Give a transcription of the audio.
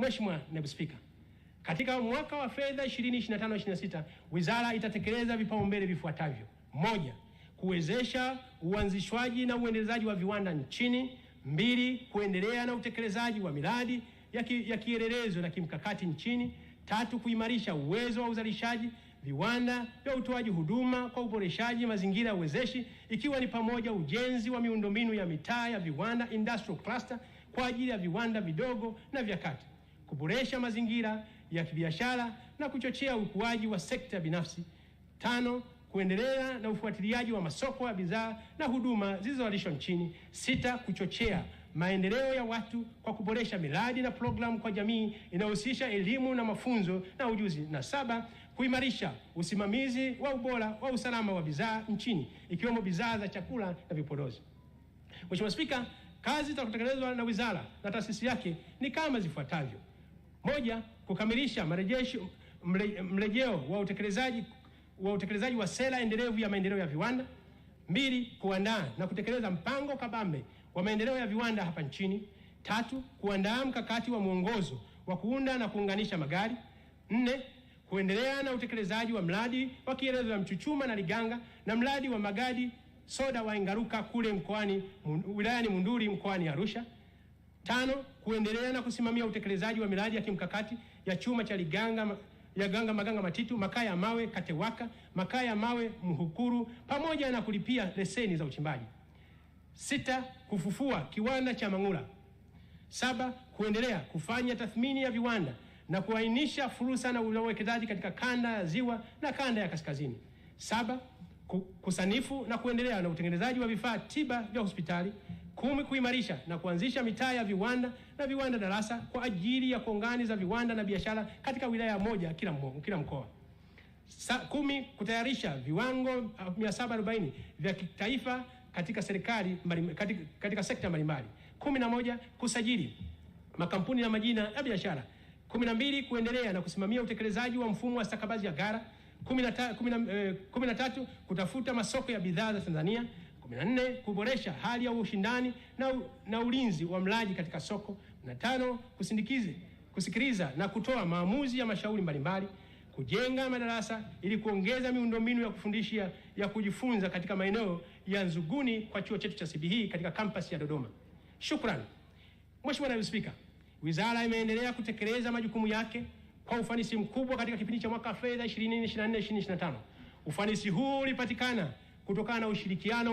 Mheshimiwa Naibu Spika, katika mwaka wa fedha 2025/26 wizara itatekeleza vipaumbele vifuatavyo: moja, kuwezesha uanzishwaji na uendelezaji wa viwanda nchini; mbili, kuendelea na utekelezaji wa miradi ya, ki, ya kielelezo na kimkakati nchini; tatu, kuimarisha uwezo wa uzalishaji viwanda vya utoaji huduma kwa uboreshaji mazingira ya uwezeshi ikiwa ni pamoja ujenzi wa miundombinu ya mitaa ya viwanda industrial cluster kwa ajili ya viwanda vidogo na vya kati kuboresha mazingira ya kibiashara na kuchochea ukuaji wa sekta binafsi. Tano, kuendelea na ufuatiliaji wa masoko ya bidhaa na huduma zilizozalishwa nchini. Sita, kuchochea maendeleo ya watu kwa kuboresha miradi na programu kwa jamii inayohusisha elimu na mafunzo na ujuzi. Na saba, kuimarisha usimamizi wa ubora wa usalama wa bidhaa nchini ikiwemo bidhaa za chakula na vipodozi. Mheshimiwa Spika, kazi za kutekelezwa na wizara na taasisi yake ni kama zifuatavyo. Moja, kukamilisha marejesho mre, mrejeo wa utekelezaji wa utekelezaji wa sera endelevu ya maendeleo ya viwanda. Mbili, kuandaa na kutekeleza mpango kabambe wa maendeleo ya viwanda hapa nchini. Tatu, kuandaa mkakati wa mwongozo wa kuunda na kuunganisha magari. Nne, kuendelea na utekelezaji wa mradi wa kielezo ya Mchuchuma na Liganga na mradi wa magadi soda wa Ingaruka kule mkoani wilayani munduri mkoani Arusha. Tano, kuendelea na kusimamia utekelezaji wa miradi ya kimkakati ya chuma cha Liganga ya Ganga Maganga Matitu, makaa ya mawe Katewaka, makaa ya mawe Mhukuru, pamoja na kulipia leseni za uchimbaji. Sita, kufufua kiwanda cha Mang'ula. Saba, kuendelea kufanya tathmini ya viwanda na kuainisha fursa na uwekezaji katika kanda ya ziwa na kanda ya kaskazini. Saba, kusanifu na kuendelea na utengenezaji wa vifaa tiba vya hospitali Kumi, kuimarisha na kuanzisha mitaa ya viwanda na viwanda darasa kwa ajili ya kongani za viwanda na biashara katika wilaya moja kila, kila mkoa. Sa, kumi, kutayarisha viwango 740 ah, vya kitaifa katika serikali katika, katika sekta mbalimbali. Kumi na moja, kusajili makampuni na majina ya biashara. Kumi na mbili, kuendelea na kusimamia utekelezaji wa mfumo wa stakabadhi ya gara. Kumi na eh, tatu, kutafuta masoko ya bidhaa za Tanzania. 14 kuboresha hali ya ushindani na, na ulinzi wa mlaji katika soko. tano kusindikize kusikiliza na kutoa maamuzi ya mashauri mbalimbali. Kujenga madarasa ili kuongeza miundombinu ya kufundishia ya kujifunza katika maeneo ya Nzuguni kwa chuo chetu cha CBE katika kampasi ya Dodoma. Shukrani. Mheshimiwa Naibu Spika, wizara imeendelea kutekeleza majukumu yake kwa ufanisi mkubwa katika kipindi cha mwaka fedha 2024/2025. Ufanisi huu ulipatikana kutokana na ushirikiano